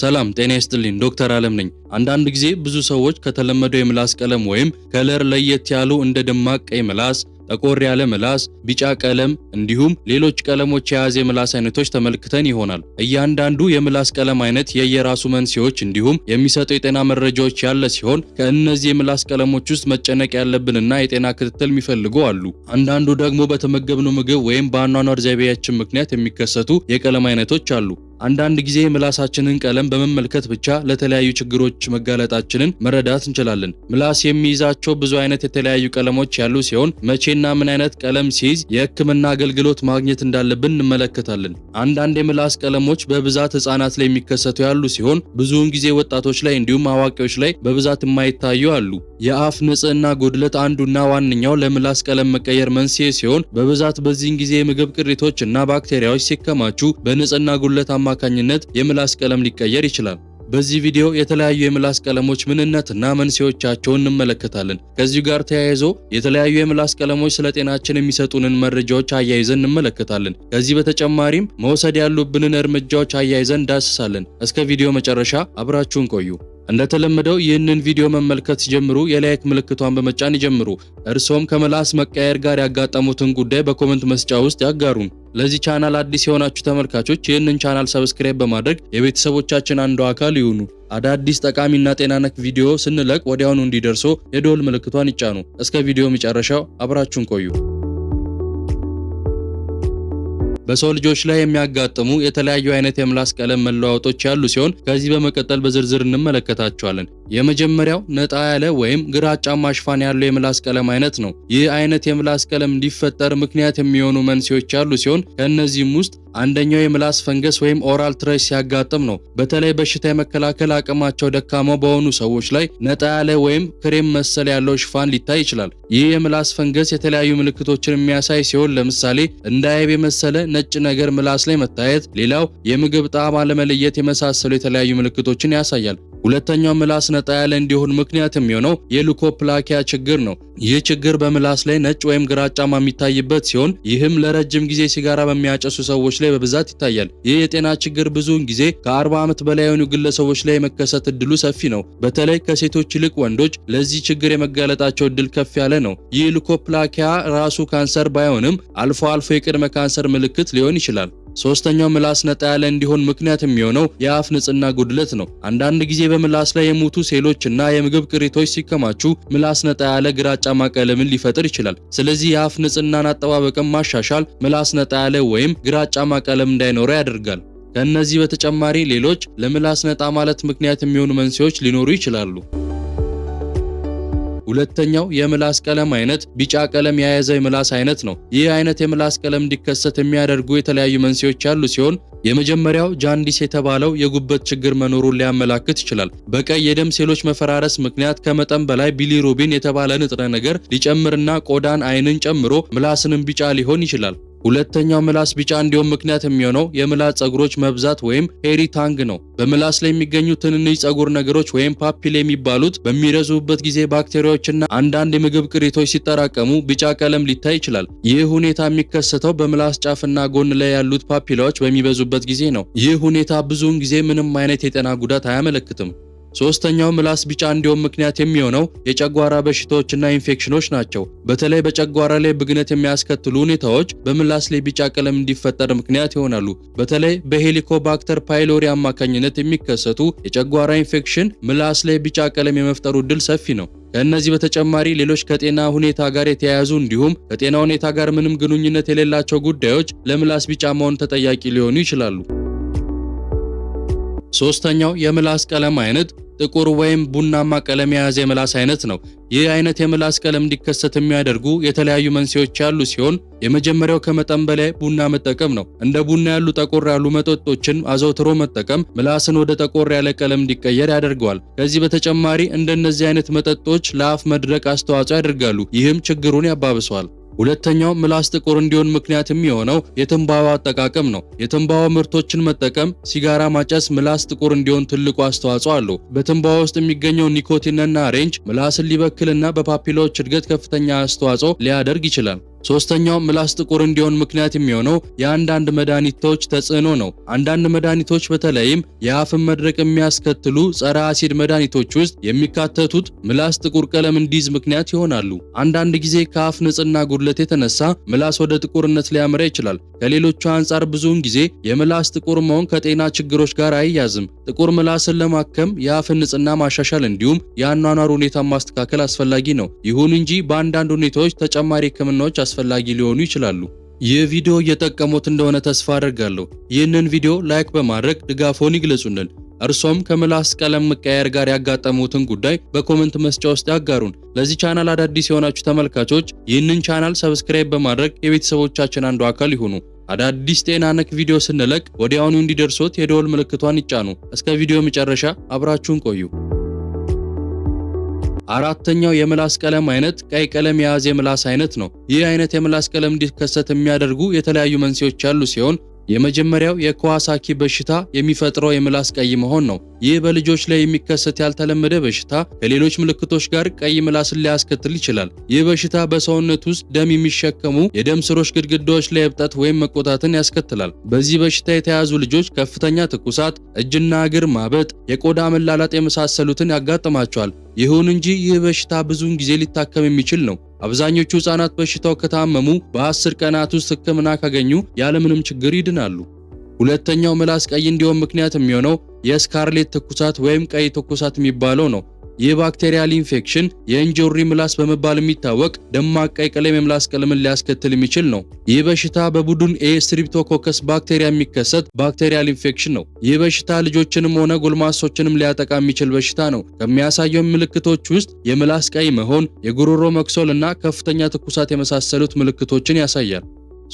ሰላም ጤና ይስጥልኝ። ዶክተር አለም ነኝ። አንዳንድ ጊዜ ብዙ ሰዎች ከተለመደው የምላስ ቀለም ወይም ከለር ለየት ያሉ እንደ ደማቅ ቀይ ምላስ፣ ጠቆር ያለ ምላስ፣ ቢጫ ቀለም እንዲሁም ሌሎች ቀለሞች የያዘ የምላስ አይነቶች ተመልክተን ይሆናል። እያንዳንዱ የምላስ ቀለም አይነት የየራሱ መንስኤዎች እንዲሁም የሚሰጠው የጤና መረጃዎች ያለ ሲሆን ከእነዚህ የምላስ ቀለሞች ውስጥ መጨነቅ ያለብንና የጤና ክትትል የሚፈልጉ አሉ። አንዳንዱ ደግሞ በተመገብነው ምግብ ወይም በአኗኗር ዘይቤያችን ምክንያት የሚከሰቱ የቀለም አይነቶች አሉ። አንዳንድ ጊዜ ምላሳችንን ቀለም በመመልከት ብቻ ለተለያዩ ችግሮች መጋለጣችንን መረዳት እንችላለን። ምላስ የሚይዛቸው ብዙ አይነት የተለያዩ ቀለሞች ያሉ ሲሆን መቼና ምን አይነት ቀለም ሲይዝ የሕክምና አገልግሎት ማግኘት እንዳለብን እንመለከታለን። አንዳንድ የምላስ ቀለሞች በብዛት ህጻናት ላይ የሚከሰቱ ያሉ ሲሆን ብዙውን ጊዜ ወጣቶች ላይ እንዲሁም አዋቂዎች ላይ በብዛት የማይታዩ አሉ። የአፍ ንጽህና ጉድለት አንዱና ዋነኛው ለምላስ ቀለም መቀየር መንስኤ ሲሆን በብዛት በዚህን ጊዜ የምግብ ቅሪቶች እና ባክቴሪያዎች ሲከማቹ በንጽህና ጉድለት አማ አማካኝነት የምላስ ቀለም ሊቀየር ይችላል። በዚህ ቪዲዮ የተለያዩ የምላስ ቀለሞች ምንነትና መንስኤዎቻቸውን እንመለከታለን። ከዚሁ ጋር ተያይዞ የተለያዩ የምላስ ቀለሞች ስለ ጤናችን የሚሰጡንን መረጃዎች አያይዘን እንመለከታለን። ከዚህ በተጨማሪም መውሰድ ያሉብንን እርምጃዎች አያይዘን እንዳስሳለን። እስከ ቪዲዮ መጨረሻ አብራችሁን ቆዩ። እንደተለመደው ይህንን ቪዲዮ መመልከት ሲጀምሩ የላይክ ምልክቷን በመጫን ይጀምሩ። እርሶም ከምላስ መቀየር ጋር ያጋጠሙትን ጉዳይ በኮመንት መስጫ ውስጥ ያጋሩን። ለዚህ ቻናል አዲስ የሆናችሁ ተመልካቾች ይህንን ቻናል ሰብስክራይብ በማድረግ የቤተሰቦቻችን አንዱ አካል ይሁኑ። አዳዲስ ጠቃሚና ጤና ነክ ቪዲዮ ስንለቅ ወዲያውኑ እንዲደርሶ የደወል ምልክቷን ይጫኑ። እስከ ቪዲዮ መጨረሻው አብራችሁን ቆዩ። በሰው ልጆች ላይ የሚያጋጥሙ የተለያዩ አይነት የምላስ ቀለም መለዋወጦች ያሉ ሲሆን ከዚህ በመቀጠል በዝርዝር እንመለከታቸዋለን። የመጀመሪያው ነጣ ያለ ወይም ግራጫማ ሽፋን ያለው የምላስ ቀለም አይነት ነው። ይህ አይነት የምላስ ቀለም እንዲፈጠር ምክንያት የሚሆኑ መንስኤዎች ያሉ ሲሆን ከእነዚህም ውስጥ አንደኛው የምላስ ፈንገስ ወይም ኦራል ትሬስ ሲያጋጥም ነው። በተለይ በሽታ የመከላከል አቅማቸው ደካማ በሆኑ ሰዎች ላይ ነጣ ያለ ወይም ክሬም መሰል ያለው ሽፋን ሊታይ ይችላል። ይህ የምላስ ፈንገስ የተለያዩ ምልክቶችን የሚያሳይ ሲሆን ለምሳሌ እንደ አይብ የመሰለ ነጭ ነገር ምላስ ላይ መታየት፣ ሌላው የምግብ ጣዕም አለመለየት የመሳሰሉ የተለያዩ ምልክቶችን ያሳያል። ሁለተኛው ምላስ ነጣ ያለ እንዲሆን ምክንያት የሚሆነው የሉኮፕላኪያ ችግር ነው። ይህ ችግር በምላስ ላይ ነጭ ወይም ግራጫማ የሚታይበት ሲሆን ይህም ለረጅም ጊዜ ሲጋራ በሚያጨሱ ሰዎች ላይ በብዛት ይታያል። ይህ የጤና ችግር ብዙውን ጊዜ ከ40 ዓመት በላይ የሆኑ ግለሰቦች ላይ የመከሰት እድሉ ሰፊ ነው። በተለይ ከሴቶች ይልቅ ወንዶች ለዚህ ችግር የመጋለጣቸው እድል ከፍ ያለ ነው። ይህ ሉኮፕላኪያ ራሱ ካንሰር ባይሆንም አልፎ አልፎ የቅድመ ካንሰር ምልክት ሊሆን ይችላል። ሶስተኛው ምላስ ነጣ ያለ እንዲሆን ምክንያት የሚሆነው የአፍ ንጽህና ጉድለት ነው። አንዳንድ ጊዜ በምላስ ላይ የሞቱ ሴሎችና የምግብ ቅሪቶች ሲከማቹ ምላስ ነጣ ያለ ግራጫማ ቀለምን ሊፈጥር ይችላል። ስለዚህ የአፍ ንጽህናን አጠባበቅን ማሻሻል ምላስ ነጣ ያለ ወይም ግራጫማ ቀለም እንዳይኖረው ያደርጋል። ከእነዚህ በተጨማሪ ሌሎች ለምላስ ነጣ ማለት ምክንያት የሚሆኑ መንስኤዎች ሊኖሩ ይችላሉ። ሁለተኛው የምላስ ቀለም አይነት ቢጫ ቀለም የያዘ የምላስ አይነት ነው። ይህ አይነት የምላስ ቀለም እንዲከሰት የሚያደርጉ የተለያዩ መንስኤዎች ያሉ ሲሆን የመጀመሪያው ጃንዲስ የተባለው የጉበት ችግር መኖሩን ሊያመላክት ይችላል። በቀይ የደም ሴሎች መፈራረስ ምክንያት ከመጠን በላይ ቢሊሩቢን የተባለ ንጥረ ነገር ሊጨምርና ቆዳን፣ አይንን ጨምሮ ምላስንም ቢጫ ሊሆን ይችላል። ሁለተኛው ምላስ ቢጫ እንዲሆን ምክንያት የሚሆነው የምላስ ጸጉሮች መብዛት ወይም ታንግ ነው። በምላስ ላይ የሚገኙ ትንንሽ ጸጉር ነገሮች ወይም ፓፒል የሚባሉት በሚረዙበት ጊዜ ባክቴሪያዎችና አንዳንድ የምግብ ቅሪቶች ሲጠራቀሙ ቢጫ ቀለም ሊታይ ይችላል። ይህ ሁኔታ የሚከሰተው በምላስ ጫፍና ጎን ላይ ያሉት ፓፒላዎች በሚበዙበት ጊዜ ነው። ይህ ሁኔታ ብዙውን ጊዜ ምንም አይነት የጤና ጉዳት አያመለክትም። ሶስተኛው ምላስ ቢጫ እንዲሆን ምክንያት የሚሆነው የጨጓራ በሽታዎችና ኢንፌክሽኖች ናቸው። በተለይ በጨጓራ ላይ ብግነት የሚያስከትሉ ሁኔታዎች በምላስ ላይ ቢጫ ቀለም እንዲፈጠር ምክንያት ይሆናሉ። በተለይ በሄሊኮባክተር ፓይሎሪ አማካኝነት የሚከሰቱ የጨጓራ ኢንፌክሽን ምላስ ላይ ቢጫ ቀለም የመፍጠሩ እድል ሰፊ ነው። ከእነዚህ በተጨማሪ ሌሎች ከጤና ሁኔታ ጋር የተያያዙ እንዲሁም ከጤና ሁኔታ ጋር ምንም ግንኙነት የሌላቸው ጉዳዮች ለምላስ ቢጫ መሆን ተጠያቂ ሊሆኑ ይችላሉ። ሶስተኛው የምላስ ቀለም አይነት ጥቁር ወይም ቡናማ ቀለም የያዘ የምላስ አይነት ነው። ይህ አይነት የምላስ ቀለም እንዲከሰት የሚያደርጉ የተለያዩ መንስኤዎች ያሉ ሲሆን የመጀመሪያው ከመጠን በላይ ቡና መጠቀም ነው። እንደ ቡና ያሉ ጠቆር ያሉ መጠጦችን አዘውትሮ መጠቀም ምላስን ወደ ጠቆር ያለ ቀለም እንዲቀየር ያደርገዋል። ከዚህ በተጨማሪ እንደነዚህ አይነት መጠጦች ለአፍ መድረቅ አስተዋጽኦ ያደርጋሉ። ይህም ችግሩን ያባብሰዋል። ሁለተኛው ምላስ ጥቁር እንዲሆን ምክንያት የሚሆነው የትንባዋ አጠቃቀም ነው። የትንባዋ ምርቶችን መጠቀም፣ ሲጋራ ማጨስ ምላስ ጥቁር እንዲሆን ትልቁ አስተዋጽኦ አለው። በትንባዋ ውስጥ የሚገኘው ኒኮቲንና ሬንጅ ምላስን ሊበክልና በፓፒላዎች እድገት ከፍተኛ አስተዋጽኦ ሊያደርግ ይችላል። ሶስተኛው ምላስ ጥቁር እንዲሆን ምክንያት የሚሆነው የአንዳንድ መድኃኒቶች ተጽዕኖ ነው። አንዳንድ መድኃኒቶች በተለይም የአፍን መድረቅ የሚያስከትሉ ጸረ አሲድ መድኃኒቶች ውስጥ የሚካተቱት ምላስ ጥቁር ቀለም እንዲይዝ ምክንያት ይሆናሉ። አንዳንድ ጊዜ ከአፍ ንጽህና ጉድለት የተነሳ ምላስ ወደ ጥቁርነት ሊያመራ ይችላል። ከሌሎቹ አንጻር ብዙውን ጊዜ የምላስ ጥቁር መሆን ከጤና ችግሮች ጋር አይያዝም። ጥቁር ምላስን ለማከም የአፍን ንጽህና ማሻሻል እንዲሁም የአኗኗር ሁኔታን ማስተካከል አስፈላጊ ነው። ይሁን እንጂ በአንዳንድ ሁኔታዎች ተጨማሪ ህክምናዎች አስፈላጊ ሊሆኑ ይችላሉ። ይህ ቪዲዮ እየጠቀሙት እንደሆነ ተስፋ አድርጋለሁ። ይህንን ቪዲዮ ላይክ በማድረግ ድጋፎን ይግለጹልን። እርሶም ከምላስ ቀለም መቀየር ጋር ያጋጠሙትን ጉዳይ በኮመንት መስጫ ውስጥ ያጋሩን። ለዚህ ቻናል አዳዲስ የሆናችሁ ተመልካቾች ይህንን ቻናል ሰብስክራይብ በማድረግ የቤተሰቦቻችን አንዱ አካል ይሁኑ። አዳዲስ ጤና ነክ ቪዲዮ ስንለቅ ወዲያውኑ እንዲደርሶት የደወል ምልክቷን ይጫኑ። እስከ ቪዲዮ መጨረሻ አብራችሁን ቆዩ። አራተኛው የምላስ ቀለም አይነት ቀይ ቀለም የያዘ የምላስ አይነት ነው። ይህ አይነት የምላስ ቀለም እንዲከሰት የሚያደርጉ የተለያዩ መንስኤዎች ያሉ ሲሆን የመጀመሪያው የኳሳኪ በሽታ የሚፈጥረው የምላስ ቀይ መሆን ነው። ይህ በልጆች ላይ የሚከሰት ያልተለመደ በሽታ ከሌሎች ምልክቶች ጋር ቀይ ምላስን ሊያስከትል ይችላል። ይህ በሽታ በሰውነት ውስጥ ደም የሚሸከሙ የደም ስሮች ግድግዳዎች ላይ እብጠት ወይም መቆጣትን ያስከትላል። በዚህ በሽታ የተያዙ ልጆች ከፍተኛ ትኩሳት፣ እጅና እግር ማበጥ፣ የቆዳ መላላጥ የመሳሰሉትን ያጋጥማቸዋል። ይሁን እንጂ ይህ በሽታ ብዙውን ጊዜ ሊታከም የሚችል ነው። አብዛኞቹ ህጻናት በሽታው ከታመሙ በአስር ቀናት ውስጥ ህክምና ካገኙ ያለምንም ችግር ይድናሉ። ሁለተኛው ምላስ ቀይ እንዲሆን ምክንያት የሚሆነው የስካርሌት ትኩሳት ወይም ቀይ ትኩሳት የሚባለው ነው። ይህ ባክቴሪያል ኢንፌክሽን የእንጆሪ ምላስ በመባል የሚታወቅ ደማቅ ቀይ ቀለም የምላስ ቀለምን ሊያስከትል የሚችል ነው። ይህ በሽታ በቡድን ኤ ስትሪፕቶኮከስ ባክቴሪያ የሚከሰት ባክቴሪያል ኢንፌክሽን ነው። ይህ በሽታ ልጆችንም ሆነ ጎልማሶችንም ሊያጠቃ የሚችል በሽታ ነው። ከሚያሳየው ምልክቶች ውስጥ የምላስ ቀይ መሆን፣ የጉሮሮ መክሶል እና ከፍተኛ ትኩሳት የመሳሰሉት ምልክቶችን ያሳያል።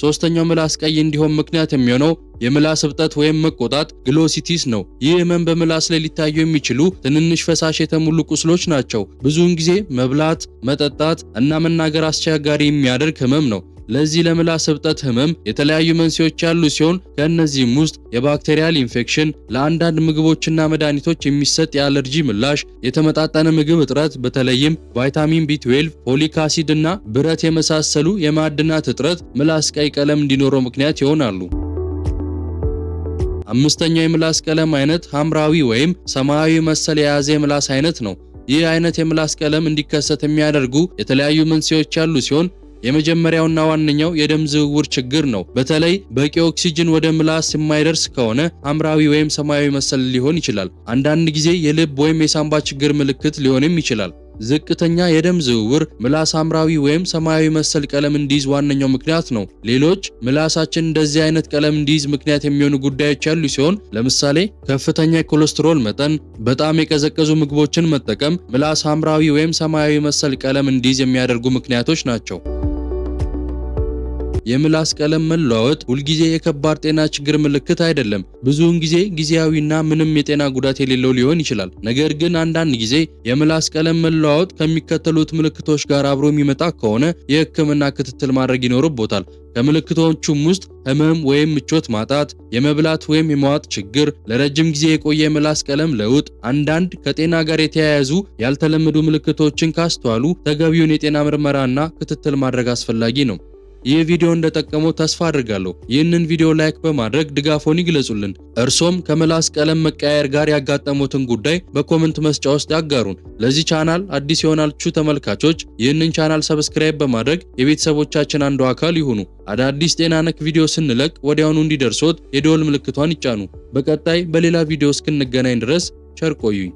ሶስተኛው ምላስ ቀይ እንዲሆን ምክንያት የሚሆነው የምላስ እብጠት ወይም መቆጣት ግሎሲቲስ ነው። ይህ ህመም በምላስ ላይ ሊታዩ የሚችሉ ትንንሽ ፈሳሽ የተሞሉ ቁስሎች ናቸው። ብዙውን ጊዜ መብላት፣ መጠጣት እና መናገር አስቸጋሪ የሚያደርግ ህመም ነው። ለዚህ ለምላስ እብጠት ህመም የተለያዩ መንስኤዎች ያሉ ሲሆን ከእነዚህም ውስጥ የባክቴሪያል ኢንፌክሽን፣ ለአንዳንድ ምግቦችና መድኃኒቶች የሚሰጥ የአለርጂ ምላሽ፣ የተመጣጠነ ምግብ እጥረት በተለይም ቫይታሚን ቢ12፣ ፎሊክ አሲድ እና ብረት የመሳሰሉ የማዕድናት እጥረት ምላስ ቀይ ቀለም እንዲኖረው ምክንያት ይሆናሉ። አምስተኛው የምላስ ቀለም አይነት ሐምራዊ ወይም ሰማያዊ መሰል የያዘ የምላስ አይነት ነው። ይህ አይነት የምላስ ቀለም እንዲከሰት የሚያደርጉ የተለያዩ መንስኤዎች ያሉ ሲሆን የመጀመሪያውና ዋነኛው የደም ዝውውር ችግር ነው። በተለይ በቂ ኦክሲጅን ወደ ምላስ የማይደርስ ከሆነ ሐምራዊ ወይም ሰማያዊ መሰል ሊሆን ይችላል። አንዳንድ ጊዜ የልብ ወይም የሳንባ ችግር ምልክት ሊሆንም ይችላል። ዝቅተኛ የደም ዝውውር ምላስ ሐምራዊ ወይም ሰማያዊ መሰል ቀለም እንዲይዝ ዋነኛው ምክንያት ነው። ሌሎች ምላሳችን እንደዚህ አይነት ቀለም እንዲይዝ ምክንያት የሚሆኑ ጉዳዮች ያሉ ሲሆን ለምሳሌ ከፍተኛ የኮሌስትሮል መጠን፣ በጣም የቀዘቀዙ ምግቦችን መጠቀም ምላስ ሐምራዊ ወይም ሰማያዊ መሰል ቀለም እንዲይዝ የሚያደርጉ ምክንያቶች ናቸው። የምላስ ቀለም መለዋወጥ ሁልጊዜ የከባድ ጤና ችግር ምልክት አይደለም። ብዙውን ጊዜ ጊዜያዊና ምንም የጤና ጉዳት የሌለው ሊሆን ይችላል። ነገር ግን አንዳንድ ጊዜ የምላስ ቀለም መለዋወጥ ከሚከተሉት ምልክቶች ጋር አብሮ የሚመጣ ከሆነ የሕክምና ክትትል ማድረግ ይኖርቦታል። ከምልክቶቹም ውስጥ ህመም ወይም ምቾት ማጣት፣ የመብላት ወይም የመዋጥ ችግር፣ ለረጅም ጊዜ የቆየ የምላስ ቀለም ለውጥ። አንዳንድ ከጤና ጋር የተያያዙ ያልተለመዱ ምልክቶችን ካስተዋሉ ተገቢውን የጤና ምርመራና ክትትል ማድረግ አስፈላጊ ነው። ይህ ቪዲዮ እንደጠቀመው ተስፋ አድርጋለሁ። ይህንን ቪዲዮ ላይክ በማድረግ ድጋፎን ይግለጹልን። እርሶም ከምላስ ቀለም መቀያየር ጋር ያጋጠሙትን ጉዳይ በኮመንት መስጫ ውስጥ ያጋሩን። ለዚህ ቻናል አዲስ የሆናችሁ ተመልካቾች ይህንን ቻናል ሰብስክራይብ በማድረግ የቤተሰቦቻችን አንዱ አካል ይሁኑ። አዳዲስ ጤና ነክ ቪዲዮ ስንለቅ ወዲያውኑ እንዲደርሶት የደወል ምልክቷን ይጫኑ። በቀጣይ በሌላ ቪዲዮ እስክንገናኝ ድረስ ቸር ቆዩኝ።